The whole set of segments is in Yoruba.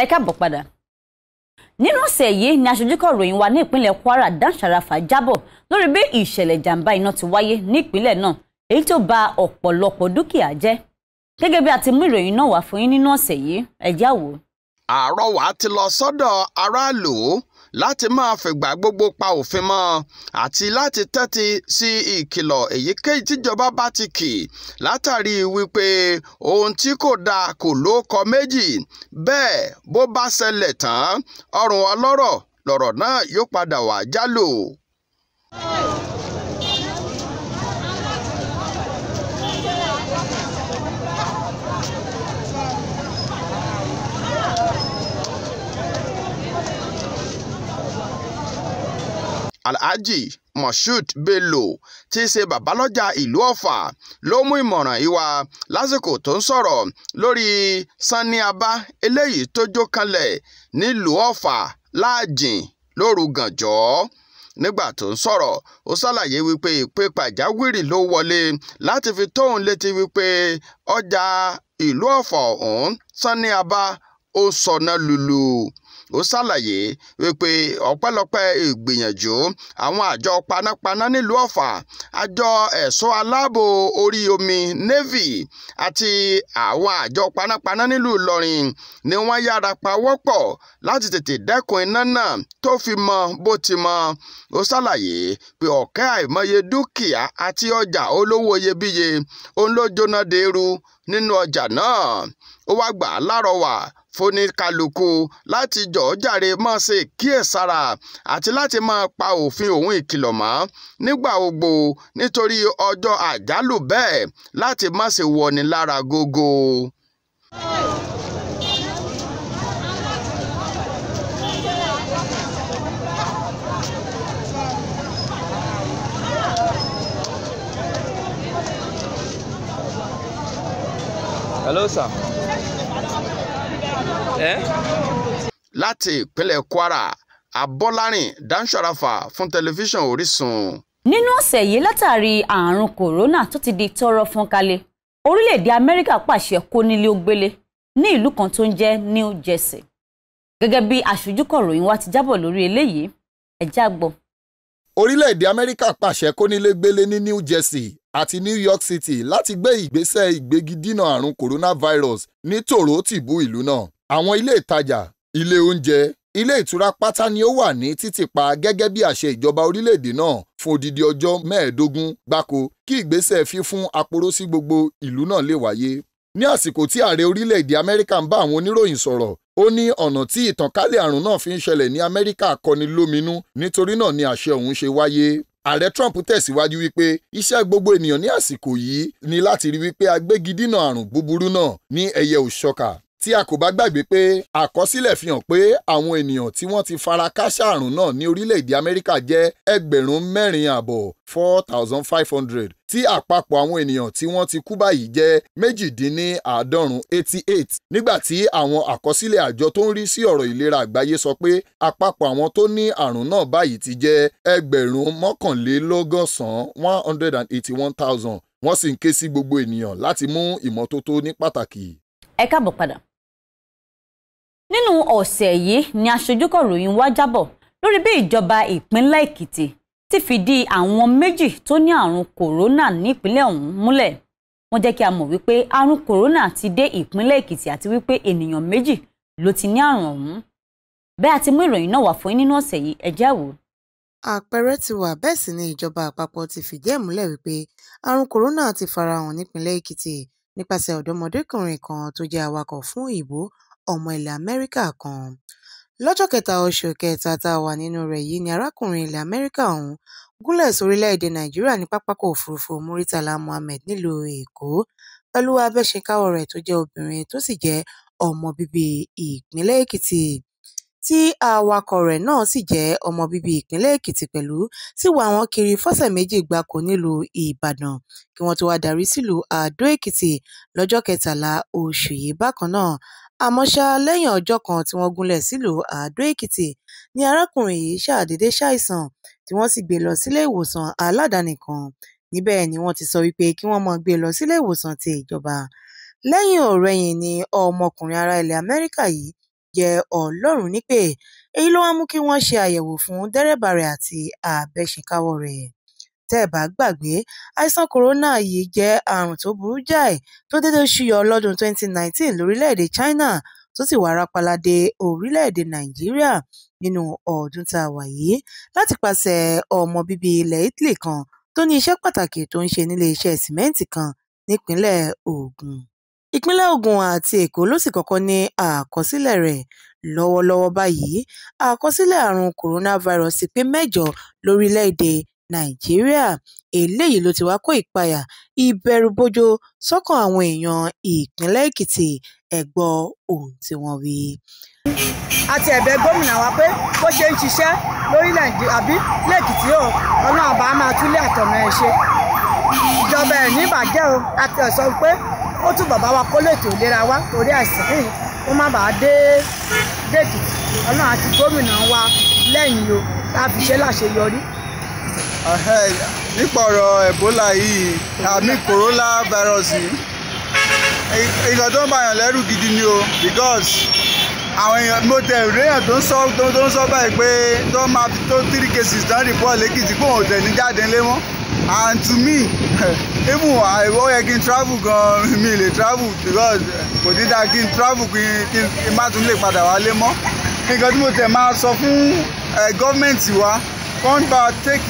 ẹ káàbọ̀ padà nínú ọ̀sẹ̀ yìí ni aṣojúkọ̀ ròyìn wa ní ìpínlẹ̀ Kwara Dan Sharafa jábọ̀ lórí bí ìṣẹ̀lẹ̀ ìjàmbá iná ti wáyé ní ìpínlẹ̀ náà èyí tó ba ọ̀pọ̀lọpọ̀ dúkìá jẹ́ gẹ́gẹ́ bí a ti mú ìròyìn náà wá fún yín nínú ọ̀sẹ̀ yìí ẹ wò. àárọ̀ wa ti lọ sọ́dọ̀ aráàlú láti máa fìgbà gbogbo pa òfin mọ́ àti láti tẹ́tí sí ìkìlọ̀ èyíkéyìí tíjọba bá ti kì látàrí wípé ohun tí kò dáa kò lóko méjì bẹ́ẹ̀ bó bá ṣẹlẹ̀ tán ọrùn ọlọ́rọ̀ lọ̀rọ̀ náà yóò padà wá jálò. alhaji moshood bello tí í ṣe babalọ́jà ìlú ọ̀fà ló mú ìmọ̀ràn ìwà lásìkò tó ń sọ̀rọ̀ lórí sanni aba eléyìí tó jó kanlẹ̀ nílùú ọ̀fà láàjìn lóru gànjọ́ nígbà tó ń sọ̀rọ̀ ó ṣàlàyé wípé ìpè pàjáwìrì ló wọlé láti fi tóun létí wípé ọjà ìlú ọ̀fà ọ̀hún sanni ó sọnà lulu ó ṣàlàyé wípé ọpẹ́lọpẹ́ ìgbìyànjú àwọn àjọ panápaná nílùú ọ̀fà àjọ ẹ̀ṣọ́ aláàbò orí omi navy àti àwọn àjọ panápaná nílùú ìlọrin ni wọ́n yára pawọ́pọ̀ láti tètè dẹ́kun iná náà tó fi mọ bó ti mọ ó ṣàlàyé pé ọ̀kẹ́ àìmọye dúkìá àti ọjà olówó iyebíye òun ló jóná deeru nínú ọjà náà ó wá gbà á lárọ̀wà foníkálukú láti jọ̀ọ́ jàre máa ṣe kíyèsára àti láti máa pa òfin òun ìkìlọ̀ mọ́ nígbà gbogbo nítorí ọjọ́ àjálù bẹ́ẹ̀ láti má ṣe wọni lára gógó. Hello, sir. Eh? láti ìpínlẹ̀ Kwara Abọ́lárìn Dáńsọ́ráfà fún tẹlifíṣàn Orísun. nínú ọ̀sẹ̀ yìí látàrí àrùn kòrónà tó ti di tọrọ fún kalẹ̀ orílẹ̀-èdè Amẹ́ríkà pàṣẹ kónílé-ó-gbélé ní ìlú kan tó ń jẹ́ New Jersey gẹ́gẹ́ bí aṣojúkọ̀ròyìn wa ti jábọ̀ lórí eléyìí ẹ̀ já gbọ́. orílẹ̀-èdè Amẹ́ríkà pàṣẹ kónílégbélé ní New Jersey àti New York City láti gbé ìgbésẹ̀ ìgbégidínà àrùn coronavirus ní tòró tìbú ìlú náà àwọn ilé ìtajà ilé oúnjẹ ilé ìtura pátá ni ó wà ní títìpa gẹ́gẹ́ bí àṣẹ ìjọba orílẹ̀-èdè náà fún odidi ọjọ́ mẹ́ẹ̀ẹ́dógún gbáko kí ìgbésẹ̀ fífún aporó sí gbogbo ìlú náà lè wáyé ní àsìkò tí ààrẹ orílẹ̀-èdè amẹ́ríkà ń bá àwọn oníròyìn sọ̀rọ̀ ó ní ọ̀nà tí ìtànkálẹ̀ àrùn náà fi ń ṣẹlẹ̀ ní amẹ́ríkà kọni lóminú nítorí náà ni àṣẹ ọ̀hún ṣe wáyé ààrẹ trump tẹ̀síwájú wípé iṣẹ́ gbogbo ènìyàn ní àsìkò yìí ni láti rí wípé agbégidínà àrùn búburú náà ní ẹyẹ òṣọ́ka tí a kò bá gbàgbé pé àkọsílẹ̀ fi hàn pé àwọn ènìyàn tí wọ́n ti fara káṣá àrùn náà ní orílẹ̀-èdè amẹ́ríkà jẹ́ ẹgbẹ̀rún mẹ́rin àbọ̀ four thousand five hundred tí àpapọ̀ àwọn ènìyàn tí wọ́n ti kú báyìí jẹ́ méjìdínláàádọ́rùn eighty eight nígbà tí àwọn àkọsílẹ̀ àjọ tó ń rí sí ọ̀rọ̀ ìlera àgbáyé sọ pé àpapọ̀ àwọn tó ní àrùn náà báyìí ti jẹ́ ẹgbẹ̀rún mọ́kànlélọ́gọ́sàn-án one hundred and eighty one thousand wọ́n sì ń ké sí gbogbo ènìyàn láti mú ìmọ́tótó ní pàtàkì. ẹ káàbọ̀ padà nínú ọ̀sẹ̀ yìí ni aṣojúkọ̀ ròyìn wá jábọ̀ lórí bí ìjọba ìpínlẹ̀ Èkìtì ti fìdí àwọn méjì tó ní àrùn kòrónà nípínlẹ̀ ọ̀hún múlẹ̀ wọ́n jẹ́ kí a mọ̀ wípé àrùn kòrónà ti dé ìpínlẹ̀ Èkìtì àti wípé ènìyàn méjì ló ti ní àrùn ọ̀hún bẹ́ẹ̀ àti mú ìròyìn náà wá fún yín nínú ọ̀sẹ̀ yìí ẹ jẹ́ wò àpẹẹrẹ ti wà bẹ́ẹ̀ sì ni ìjọba àpapọ̀ ti fìdí ẹ̀ múlẹ̀ wípé àrùn kòrónà ti farahàn nípínlẹ̀ èkìtì nípasẹ̀ ọ̀dọ́mọdékùnrin kan tó jẹ́ awakọ̀ fún ìbò ọmọ ilẹ̀ Amẹ́ríkà kan. Lọ́jọ́ kẹta oṣù kẹta tá a wà nínú rẹ̀ yìí ni arákùnrin ilẹ̀ Amẹ́ríkà ọ̀hún gúnlẹ̀ sí orílẹ̀-èdè Nàìjíríà ní pápákọ̀ òfurufú Murtala Mohammed nílùú Èkó pẹ̀lú abẹ́ṣekáwọ́ rẹ̀ tó jẹ́ obìnrin tó sì jẹ́ ọmọ bíbí ìpínlẹ̀ Èkìtì, tí awakọ̀ rẹ̀ náà sì jẹ́ ọmọ bíbí ìpínlẹ̀ Èkìtì pẹ̀lú sì wà wọ́n kiri fọ́sẹ̀ méjì gbáko nílùú Ìbàdàn kí wọ́n tó wá darí sílùú Adó-Èkìtì lọ́jọ́ kẹtàlá oṣù yìí bákan náà. Àmọ́ ṣá, lẹ́yìn ọjọ́ kan tí wọ́n gúnlẹ̀ sílùú Àdó-Èkìtì ni arákùnrin yìí ṣàdédé ṣàìsàn tí wọ́n sì gbé lọ sílé-ìwòsàn aládàáni kan, níbẹ̀ ni wọ́n ti sọ wípé kí wọ́n máa gbé e lọ sílé-ìwòsàn ti ìjọba. Lẹ́yìn-ọ̀-rẹyìn ni ọmọkùnrin ará ilẹ̀ Amẹ́ríkà yìí jẹ Ọlọ́run nípè, èyí ló wá mú kí wọ́n ṣe àyẹ̀wò fún dẹ́rẹ́bà rẹ̀ àti abẹ́ṣekáwọ́ rẹ̀. Tẹ́ ẹ bá gbàgbé, àìsàn kòrónà yìí jẹ́ àrùn tó burú jáì tó déédé ṣúyọ lọ́dún 2019 lórílẹ̀-èdè China tó sì wá rápálá dé orílẹ̀-èdè Nàìjíríà nínú ọdún tá a wà yìí láti ipasẹ̀ ọmọ bíbí ilẹ̀ Italy kan tó ní iṣẹ́ pàtàkì tó ń ṣe nílé-iṣẹ́ sìmẹ́ǹtì kan nípínlẹ̀ Ògùn. Ìpínlẹ̀ Ògùn àti Èkó ló sì kọ́kọ́ ní àkọsílẹ̀ rẹ̀. Lọ́wọ́lọ́wọ́ báyìí, àkọsílẹ̀ àrùn kòrónáfáírọ́ọ̀sì pé mẹ́jọ lórílẹ̀-èdè nàìjíríà eléyìí ló ti wáá kó ìpayà ìbẹ̀rùbojo sọ́kàn àwọn èèyàn ìpínlẹ̀ èkìtì ẹ̀ ohun tí wọ́n wí. a ti ẹ̀bẹ̀ gómìnà wa pé bó ṣe ń ṣiṣẹ́ lórílẹ̀ àbí lẹ́kìtì o ọlọ́run àbá máa túlé àtọ̀nà ẹ̀ ṣe ìjọba ẹ̀ ní ìbàjẹ́ o a ti sọ pé ó tún bàbá wa kó lètò ìlera wa torí àìsàn yìí kó má bàa dé dèkìtì ọlọ́run àti gómìnà wa lẹ́yìn o láfi ṣe láṣeyọrí nípa ọ̀rọ̀ Ebola yìí àmì corona virus yìí nǹkan tó ń bàyàn lẹ́rù gidi ni o because àwọn èèyàn mo tẹ̀ réèyàn tó ń sọ tó ń sọ báyìí pé tó máa tó three cases down report lẹ́kìtì kó òun tẹ̀ ní jáde ńlẹ́ mọ́ and to me even ó yẹ kí n travel gan mi lè travel because kò ní dáa kí n travel kí n má tún lè padà wálé mọ́ nǹkan tí mo tẹ̀ máa sọ fún eh, gọ́ọ̀mẹ̀ntì wa wọ́n bá take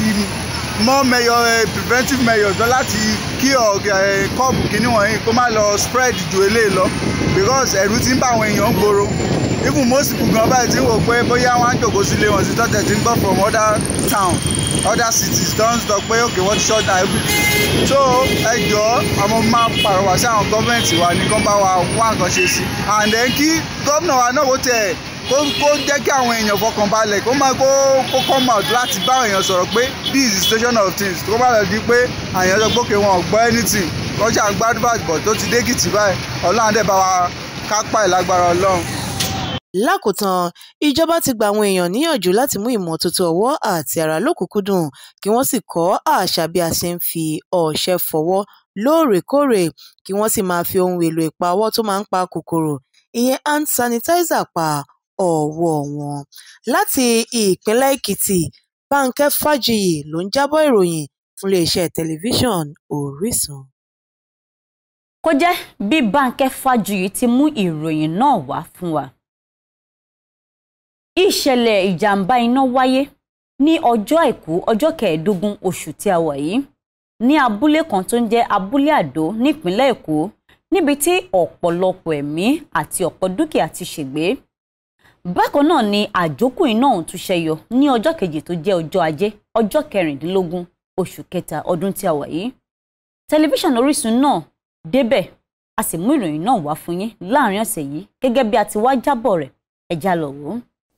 more measure, eh, preventive measures lọ láti kí kọ́ọ̀bù eh, kínní wọ̀nyí kó má lọ spread ju eléyìí lọ because ẹ̀rù ti ń bá àwọn èèyàn gbòòrò even most people gan báyìí ti ń wò pé bóyá wọn á jòkó sílé wọn sí tọ́tẹ̀ tí ń gbọ́ from other town other cities don sọ pé okay wọ́n ti shut down everything so ẹ jọ àwọn máa pàrọwà sí àwọn gọ́ọ̀mẹ̀ntì wa ní kán bá wa wá nǹkan ṣe sí and then kí gómìnà wa náà wò tẹ̀ kó kó jẹ́ kí àwọn èèyàn fọkàn balẹ̀ kó máa kó come out láti bá èèyàn sọ̀rọ̀ pé this is the station of things kó má lọ di pé àyàn sọ pé wọn ò gbọ́ anything kọjá gbádùbà bọ̀ tó ti dé kìtì báyìí ọlọ́run dẹ̀ bá wa kápá ìlágbára ọlọ́run. lákòótán ìjọba ti gba àwọn èèyàn níyànjú láti mú ìmọ́tótó ọwọ́ àti ara lọ́kùnkúndùn kí wọ́n sì kọ́ àṣà bí a ṣe ń fi ọṣẹ fọwọ́ lóòrèkóòrè kí wọ́n sì máa fi ohun èlò ìpawọ́ tó máa ń pa kòkòrò ìyẹn hand sanitizer pa ọ̀wọ̀ wọn. Láti ìpínlẹ̀ Èkìtì, Bánkẹ́ Fájuyì ló ń jábọ̀ ìròyìn fún iléeṣẹ́ tẹlifíṣàn Orísun. Kó jẹ́ bí Bánkẹ́ Fájuyì ti mú ìròyìn náà wá fún wa. Ìṣẹ̀lẹ̀ ìjàmbá iná wáyé ní ọjọ́ àìkú ọjọ́ kẹẹ̀ẹ́dógún oṣù tí a wà yìí ní abúlé kan tó ń jẹ́ abúlé àdó nípínlẹ̀ Èkó níbi tí ọ̀pọ̀lọpọ̀ ẹ̀mí àti ọ̀pọ̀ dúkìá ti ṣègbè bákan náà ni àjókù iná ọ̀hún tún ṣẹyọ ní ọjọ́ kejì tó jẹ́ ọjọ́ ajé ọjọ́ kẹrìndínlógún oṣù kẹta ọdún tí a wà yìí tẹlifíṣàn Orísun náà débẹ̀ a sì mú ìròyìn náà wá fún yín láàrin ọ̀sẹ̀ yìí gẹ́gẹ́ bí a ti wá jábọ̀ rẹ̀ ẹ já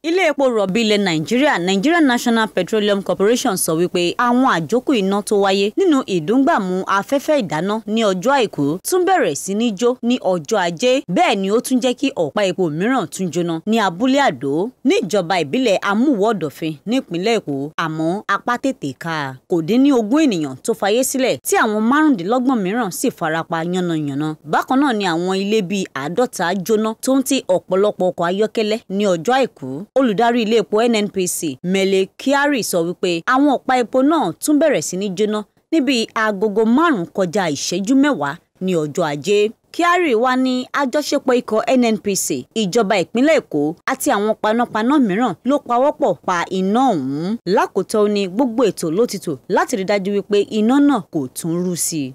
ilé epo rọ̀bì ilẹ̀ nàìjíríà nigerian national petroleum corporation sọ wípé àwọn àjókù iná tó wáyé nínú ìdúngbàmù afẹ́fẹ́ ìdáná ní ọjọ́ àìkú tún bẹ̀rẹ̀ sí ní jó ní ọjọ́ ajé bẹ́ẹ̀ ni ó tún jẹ́ kí ọ̀pá epo mìíràn tún jóná ní abúlé àdó níjọba ìbílẹ̀ amúwọ̀dọ̀fin nípínlẹ̀ èkó àmọ́ apá tètè ká kò dín ní ogún ènìyàn tó fayé sílẹ̀ tí àwọn márùndínlọ́gbọ̀n mìíràn sì farapa yánnayànna bákan náà ni àwọn ilé bíi àádọ́ta jóná tó ń ti ọ̀pọ̀lọpọ̀ ọkọ̀ ayọ́kẹ́lẹ́ ní ọjọ́ àìkú olùdarí ilé epo nnpc mele kyari sọ wípé àwọn ọ̀pá epo náà tún bẹ̀rẹ̀ sí ní jóná níbi agogo márùn-ún kọjá ìṣẹ́jú mẹ́wàá ní ọjọ́ ajé kyari wà ní àjọṣepọ̀ ikọ̀ nnpc ìjọba ìpínlẹ̀ èkó àti àwọn panápaná mìíràn ló pawọ́pọ̀ pa iná ọ̀hún lákòótọ́ ni gbogbo ètò ló ti tò láti rí dájú wípé iná náà kò tún rú sí i.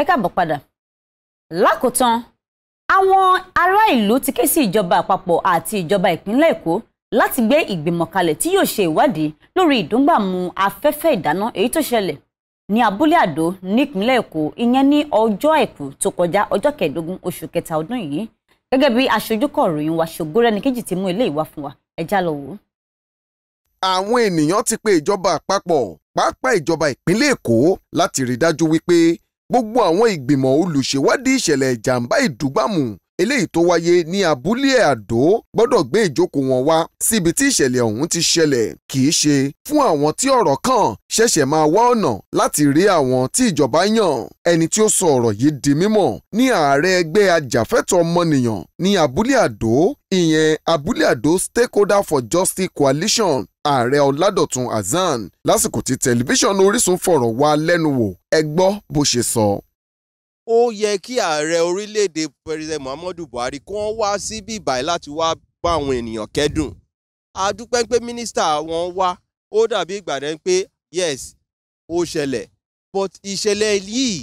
ẹ káàbọ̀ padà lákòótán àwọn ará ìlú ti ké sí ìjọba àpapọ̀ àti ìjọba ìpínlẹ̀ èkó láti gbé ìgbìmọ̀ kalẹ̀ tí yóò ṣe ìwádìí lórí ìdúngbàmù afẹ́fẹ́ ìdáná èyí tó ṣẹlẹ̀ ní abúlé àdó nípínlẹ̀ èkó ìyẹn ní ọjọ́ àìkú tó kọjá ọjọ́ kẹẹ̀ẹ́dógún oṣù kẹta ọdún yìí gẹ́gẹ́ bí aṣojúkọ̀ ròyìn wa ṣògórẹ́nìkejì ti mú eléyìí wá fún wa ẹjá lọ wò ó. àwọn ènìyàn ti pe ìjọba àpapọ̀ pàápàá ìjọba ìpínlẹ̀ èkó láti rí dájú wípé gbogbo àwọn ìgbìmọ̀ olùṣèwádìí ìṣẹ̀lẹ̀ ìjàmbá ìdúgbàmù eléyìí tó wáyé ní abúlé àdó gbọ́dọ̀ gbé ìjókòó wọn wá síbi tí ìṣẹ̀lẹ̀ ọ̀hún ti ṣẹlẹ̀ kì í ṣe fún àwọn tí ọ̀rọ̀ kàn ṣẹ̀ṣẹ̀ máa wá ọ̀nà láti rí àwọn tí ìjọba yàn ẹni tí ó sọ ọ̀rọ̀ yìí di mímọ̀ ní ààrẹ ẹgbẹ́ ajàfẹ́tọ̀ọ́ ọmọnìyàn ní abúlé àdó ìyẹn abúlé àdó stakeholder for justice coalition ààrẹ ọládọ̀tun hasan lásìkò tí tẹlifíṣàn orísun fọ̀rọ̀ wá lẹ́nu wò ẹ gbọ́ bó ṣe sọ ó yẹ kí ààrẹ orílẹ̀-èdè president muhammadu buhari kí wọ́n wá sí bíbáyìí láti wá bá àwọn ènìyàn kẹ́dùn a dúpẹ́ pé mínísítà wọn wá ó dàbí ìgbà dẹ́n pé yes ó ṣẹlẹ̀ but ìṣẹ̀lẹ̀ yìí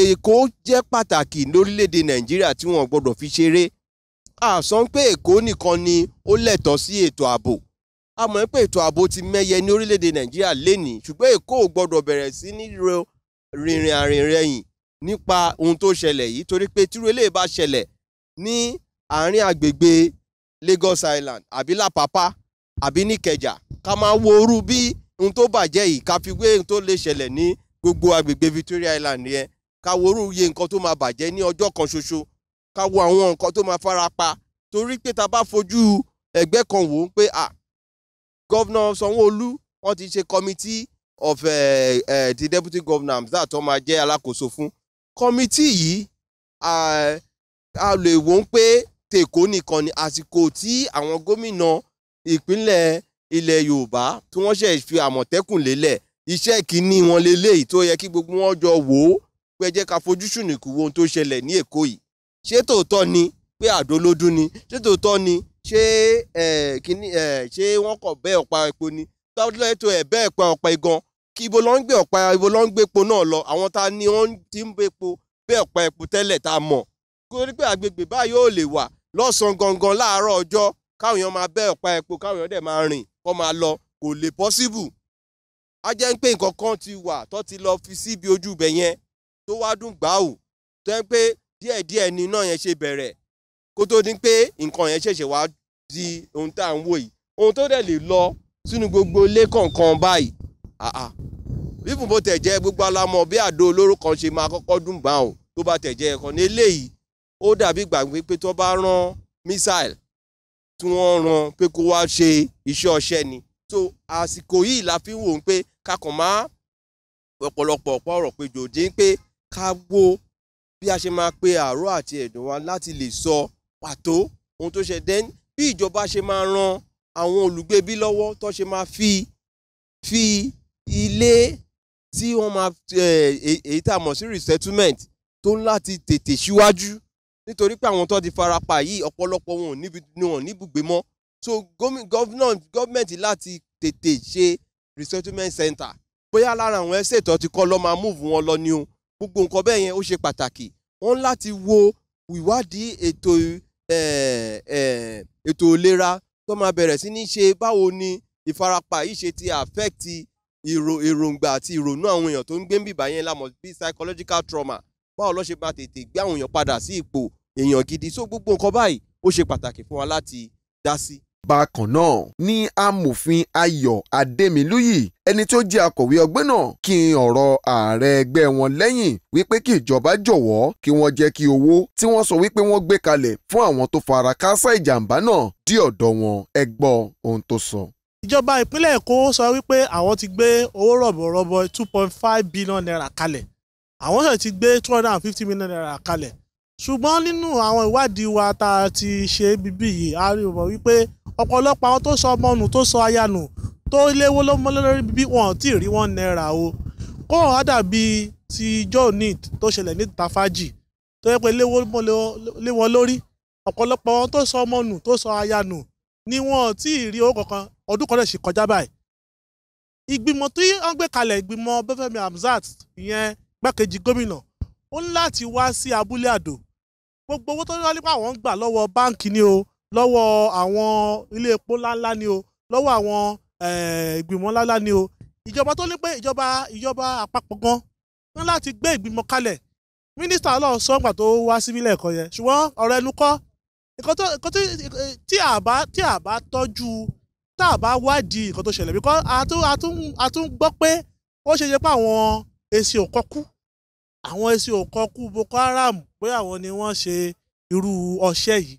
èkó jẹ́ pàtàkì lórílẹ̀‐èdè nàìjíríà tí wọ́n gbọ́dọ̀ fi ṣeré àsán pé èkó nìkan ni ó lẹ́tọ̀ọ́ sí ètò ààbò a mọ̀ pé ètò ààbò ti mẹ́yẹ ní orílẹ̀‐èdè nàìjíríà lénìí ṣùgbọ́n èkó ò gbọ́dọ̀ bẹ̀rẹ̀ sí ní rìnrìn àrìnrẹ̀yìn nípa ohun tó ṣẹlẹ̀ yìí torí pé tírú eléyìí bá ṣẹlẹ̀ ní àárín àgbègbè Lagos Island àbí Lápapá àbí níkẹjà ká máa wo orú bí ohun tó bàjẹ́ yìí ká fi wé ohun tó lè ṣẹlẹ̀ ní gbogbo àgbègbè Victoria Island yẹn ká wo orú iye nǹkan tó máa bàjẹ́ ní ọjọ́ kan ṣoṣo ká wo àwọn nǹkan tó máa fara pa torí pé ta bá fojú ẹgbẹ́ kan wò ó pé ah gọ́vnà sanwó wọ́n ti ṣe committee of uh, eh, uh, eh, the deputy governor Hamzat tó máa jẹ́ alákòóso fún kọ́mítì yìí a lè wò ó pé tèkó nìkan ni àsìkò tí àwọn gómìnà ìpínlẹ̀ ilẹ̀ Yorùbá tí wọ́n ṣe fi Àmọ̀tẹ́kùn lélẹ̀ iṣẹ́ kìíní wọn lélẹ́yìí tó yẹ kí gbogbo wọn jọ wò ó pé jẹ́ ká fojú ṣùnìkù wo ohun tó ṣẹlẹ̀ ní Èkó yìí ṣé tòótọ́ ni pé àdó ló dún ni ṣé tòótọ́ ni ṣé kíní ṣé wọ́n kọ̀ bẹ́ẹ̀ ọ̀pá epo ni tọ́lẹ́tò ẹ̀ bẹ́ẹ̀ pa ọ̀pá igan kí ibo ló ń gbé ọ̀pá ibo ló ń gbé epo náà lọ àwọn ta ni wọ́n ti ń gbé bẹ́ ọ̀pá epo tẹ́lẹ̀ tá mọ̀ torí pé àgbègbè báyìí ò lè wà lọ́sàn-án gangan láàárọ̀ ọjọ́ káwọn èèyàn máa bẹ́ ọ̀pá epo káwọn èèyàn dẹ̀ máa rìn kó máa lọ kò lè pọ́síbù á jẹ́ ń pé nǹkan kan ti wà tó ti lọ fi síbi ojú ibẹ̀ yẹn tó wá dùn gbáù tó ń pé díẹ̀díẹ̀ ni iná yẹn ṣe bẹ̀rẹ̀ kó tó di pé nǹkan yẹn ṣẹ̀ṣẹ̀ wá di ohun tá à ń wò yìí ohun tó dẹ̀ lè lọ sínú gbogbo ilé kọ̀ọ̀kan báyìí bíbù ah, ah. bó tẹ̀ jẹ́ gbogbo alamọ̀ bí àdó olóró kan ṣe máa kọ́kọ́ dùn bá wọn tó bá tẹ̀ jẹ́ ẹ̀kan ní eléyìí ó dàbí gbàgbé pé tó bá rán mísáìl tí wọ́n rán pé kó wá ṣe iṣẹ́ ọṣẹ ni so àsìkò yìí la fi ń wò ó pé kakàn má ọ̀pọ̀lọpọ̀ ọ̀pọ̀ ọ̀rọ̀ péjọ dín pé ká wo bí a ṣe máa pe àárọ̀ àti ẹ̀dùn wa láti lè sọ pàtó ohun tó ṣe dẹ́n bí ìjọba ṣe máa ran àwọn olùgbé bí lọ́wọ́ tó ṣe máa fi fi ilé tí wọ́n máa èyí tá a mọ̀ sí resettlement tó ń láti tètè síwájú nítorí pé àwọn tó ti farapa yìí ọ̀pọ̀lọpọ̀ wọn ò níbi wọn níbùgbé mọ́ so gọ́ọ̀mẹ̀ntì láti tètè ṣe resettlement center bóyá lára àwọn ẹsẹ̀ tó ti kọ́ lọ́ máa múùfù wọn lọ ni o gbogbo nǹkan bẹ́ẹ̀ yẹn ó ṣe pàtàkì wọ́n láti wo ìwádìí ètò ètò ìlera tó máa bẹ̀rẹ̀ sí ní ṣe báwo ni ìfarapa yìí ṣe ti affect èrò èròǹgbà àti ìrònú àwọn èèyàn tó ń gbé ń bìbá yẹn lámọ̀ bí psychological trauma báwo ló ṣe máa tètè gbé àwọn èèyàn padà sí ipò èèyàn gidi so gbogbo nǹkan báyìí ó ṣe pàtàkì fún wa láti dá sí bákan náà ní amòfin ayọ̀ adémilúyì ẹni tó jẹ́ akọ̀wé ọgbẹ́ náà kí ọ̀rọ̀ ààrẹ ẹgbẹ́ wọn lẹ́yìn wípé kí ìjọba jọ̀wọ́ kí wọ́n jẹ́ kí owó tí wọ́n sọ wípé wọ́n gbé kalẹ̀ fún àwọn tó fara káásá ìjàmbá náà dí ọ̀dọ̀ wọn ẹ ohun tó sọ ìjọba ìpínlẹ̀ èkó sọ wípé àwọn ti gbé owó rọ̀bọ̀rọ̀bọ̀ two point five billion naira kalẹ̀ àwọn sì ti gbé two hundred and fifty million naira kalẹ̀ ṣùgbọ́n nínú àwọn ìwádìí wa tá a ti ṣe bíbí yìí a rí mọ̀ wípé ọ̀pọ̀lọpọ̀ àwọn tó sọ ọmọ nù tó sọ aya nù tó léwó lọ́mọlórí bíbí wọn tí rí wọn náírà o kó hàn dàbí ti joe need tó ṣẹlẹ̀ ní tafaji tó yẹ pé léwọ́ lórí ọ̀pọ̀lọpọ̀ àwọn tó sọ ọmọ nù tó sọ aya ni wọn tí ì rí owó kankan ọdún kan náà sì kọjá báyìí ìgbìmọ̀ tí wọ́n gbé kalẹ̀ ìgbìmọ̀ Bẹ́fẹ̀mí Hamzat ìyẹn gbákejì gómìnà ó ní láti wá sí abúlé àdó gbogbo owó tó ń lọ́lípà wọ́n ń gbà lọ́wọ́ báǹkì ni o lọ́wọ́ àwọn ilé epo ńláńlá ni o lọ́wọ́ àwọn ìgbìmọ̀ ńláńlá ni o ìjọba tó ní pé ìjọba ìjọba àpapọ̀ gan ní láti gbé ìgbìmọ̀ kalẹ̀ mínísítà ọlọ́run sọ ńgbà tó wá síbí lẹ́ẹ̀kan yẹn ṣùgbọ́n ọ̀rọ̀ ẹnu kọ́ tí àbá tọ́jú tá a bá wádìí nǹkan tó ṣẹlẹ̀ bíkọ́ a tún gbọ́ pé ó ṣe ṣe pé àwọn èsì òkọ́kú àwọn èsì òkọ́kú Boko Haram pé àwọn ni wọ́n ṣe irú ọṣẹ́ yìí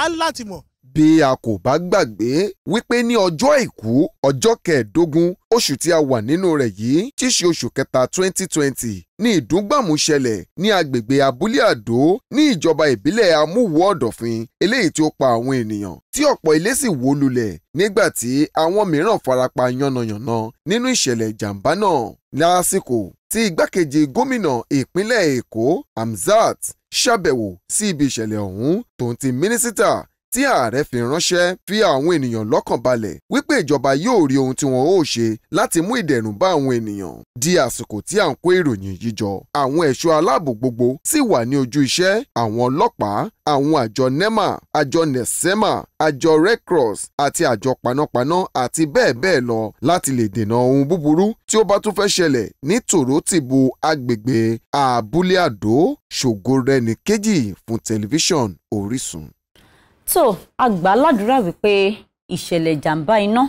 á láti mọ̀ bí a kò bá gbàgbé wípé ní ọjọ́ àìkú ọjọ́ kẹẹ̀ẹ́dógún oṣù tí a wà nínú rẹ̀ yìí tí í ṣe oṣù kẹta 2020 ní ìdúgbàmù ṣẹlẹ̀ ní agbègbè abúlé àdó ní ìjọba ìbílẹ̀ amúwò ọ̀dọ̀fin eléyìí tí ó pa àwọn ènìyàn tí ọ̀pọ̀ ilé sì wó lulẹ̀ nígbà tí àwọn mìíràn farapa yánnayànna nínú ìṣẹ̀lẹ̀ ìjàmbá náà lásìkò tí igbákejì gómìnà ìpínlẹ̀ èkó Hamzat ṣàbẹ̀wò sí ibi ìṣẹ̀lẹ̀ ọ̀hún tòun ti mínísítà tí ààrẹ fi ránṣẹ́ fi àwọn ènìyàn lọ́kàn balẹ̀ wípé ìjọba yóò rí ohun tí wọn ó ṣe láti mú ìdẹ̀rùn bá àwọn ènìyàn di àsìkò tí à ń kó ìròyìn yìí jọ àwọn ẹ̀ṣọ́ aláàbò gbogbo sì wà ní ojú iṣẹ́ àwọn ọlọ́pàá àwọn àjọ nema àjọ nesema àjọ red cross àti àjọ panápaná àti bẹ́ẹ̀ bẹ́ẹ̀ lọ láti lè dènà ohun búburú tí ó bá tún fẹ́ ṣẹlẹ̀ ní tòrótìbù agbègbè àbúlé àdó ṣògo rẹni kejì fún tẹlifíṣàn Orísun so àgbà ládùúrà wípé ìṣẹ̀lẹ̀ ìjàmbá iná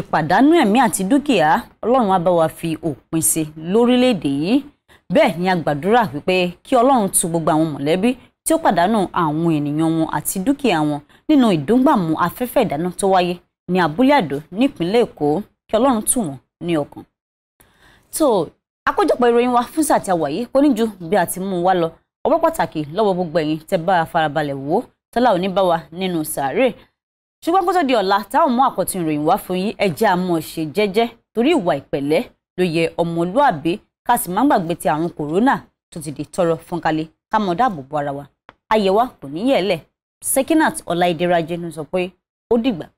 ìpàdánù ẹ̀mí àti dúkìá ọlọ́run á wa fi òpin sí lórílẹ̀‐èdè yìí ni a gbàdúrà wípé kí ọlọ́run tu gbogbo àwọn mọ̀lẹ́bí tí ó pàdánù àwọn ènìyàn wọn àti dúkìá wọn nínú ìdúngbàmù afẹ́fẹ́ ìdáná tó wáyé ní abúlé àdó nípínlẹ̀ èkó kí ọlọ́run tù wọ́n ní ọkàn. tó àkójọpọ̀ wa fún sàtì àwàyé kò ní ju bí a ti mú un wá gbogbo ẹ̀yin tẹ́ bá a farabalẹ̀ tọ́lá òní bá wa nínú sàárè ṣùgbọ́n kó tó di ọ̀la táwọn mú àkọ́tún ìròyìn wá fún yín ẹjẹ́ àmọ́ ṣe jẹ́jẹ́ torí ìwà ìpẹ̀lẹ́ ló yẹ ọmọlúàbí ká sì má gbàgbé ti àrùn kòrónà tó ti di tọrọ fúnkalẹ̀ ká mọ̀ dáàbò bo ara wa àyẹ̀wò kò níyẹ̀lẹ̀ Sekinat Ọláìdé ló sọ pé ó dìgbà